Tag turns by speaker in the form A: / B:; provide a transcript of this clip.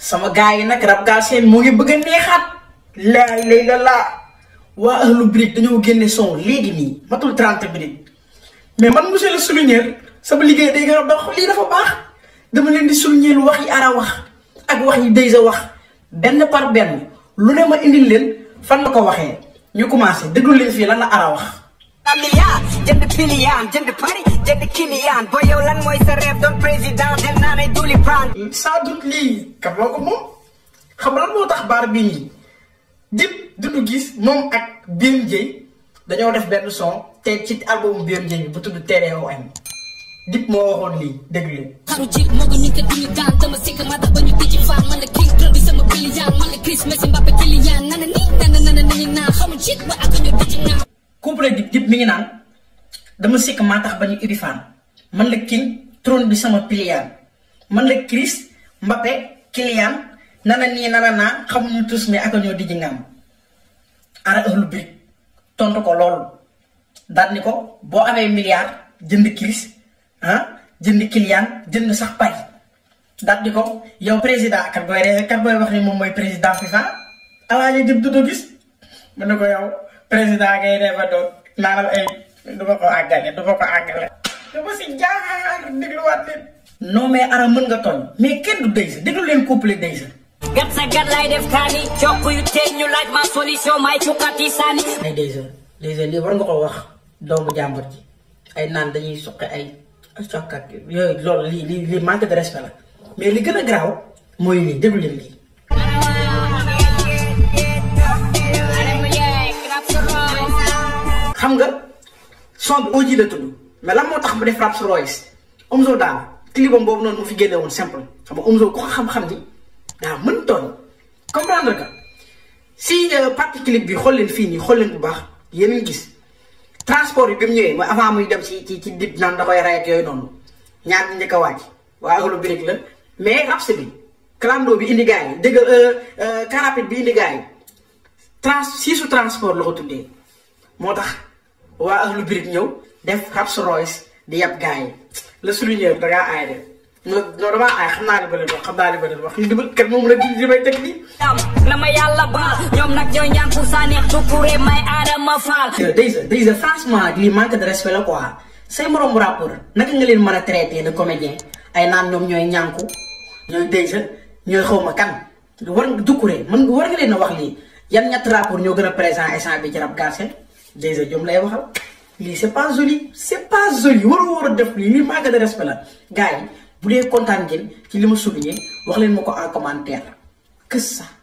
A: sama gaa yi nag rab gaa seen mu ngi bëgg a neexaat laa lay la laa waa ahlu brique dañoo génne son léegi nii matul 30 minutes mais man monsieur le souligneur sama liggéey day gën a dox lii dafa baax dama leen di souligner lu wax yi ara wax ak wax yi sa wax benn par benn lu ne ma indil leen fan la ko waxee ñu commencé déglu leen fii lan la ara wax jënd piliyaan jënd pari jënd kiliyaan ba yow lan mooy sa rêve doon président paan sans hmm, doute lii kat moo ko moom xam lan moo tax baar bii nii dip dundu gis moom ak Birame Ndiaye dañoo def benn son te ci album Birame Ndiaye bu tudd TDOM dip moo waxoon lii dégg leen xaru jik moo ko nit ka duñu daan dama sikk ma ba ñu tijji faam man la king club bi sama biliyaan man la Chris Messi Mbappé kiliyaan nana nii nana nana nana naa xamu jik ba ak ñu tijji naa couple dip dip mi ngi naan dama sik ma tax bañu ibi fan man la king trône bi sama pilian man la chris mbappe kilian nana ni nana na xamnu tous mais ak ñoo di jingam ara ëhlu bi tontu ko lol dal ni ko boo milliard jënd chris ah jënd kilian jënd sax pay dal ni ko yow président kat boy rek kat boy wax ni mom moy président fifa ala ñu dib du gis man yow président ngay do nanal ay e. du ma ko àggale du ma ko àggale. dama si jaaxal dégluwaat leen. non mais ara mën nga tooñ. mais kenn du Deysa déglu leen couple Deysa. gat sa gat lay def kaani cokk yu teeñ ñu laaj ma solution may cukkati saani. mais Deysa Deysa lii war nga ko wax doomu jàmbur ji ay naan dañuy suqe ay cokkat yooyu loolu lii lii lii manque de la mais li gën a garaaw mooy lii déglu leen lii. xam nga. son bi OJ la tudd mais lan moo tax mu def Raps Royce Omzo daal clipam boobu noonu mu fi génne woon simple xam nga Omzo ku ko xam-xam ni daa mën tooñ comprendre nga si euh, partie clip bi xool leen fii nii xool leen bu baax yéen a ngi gis transport bi bi ñëwee mooy avant muy dem ci ci ci dib naan da koy rey ak yooyu noonu ñaar ñi njëkk a wàcc waa aglo bi rek la mais Raps bi clando bi indi gars yi dégg euh, euh, carapide bi indi gars yi trans siisu transport la ko tuddee moo tax. wa ahlu birit ñew def Raps Royce di yab gaay yi le souligneur da nga ay de non non damaa aay xam naa li wax xamna naa bele wax li dama kat mom la di di may tek ni na ma yàlla baal ñoom nag ñooy ñaan pour sa neex tukure may aadama faal. déjà déjà franchement li manque de respect la quoi say morom rappeur nak nga leen mën traiter de comédien ay naan ñoom ñooy ñànku ñoy déjà ñooy xaw kan war nga dukkure mën war nga leen wax lii yan ñett rapport ñoo gëna présent instant bi ci rap Galsen Déjà Diop lay waxal lii c'est pas joli c'est pas joli waroo war def lii lii manque de respect la gars yi bu dee kontaan ngeen ci li souligné wax leen mako en commentaire que ça.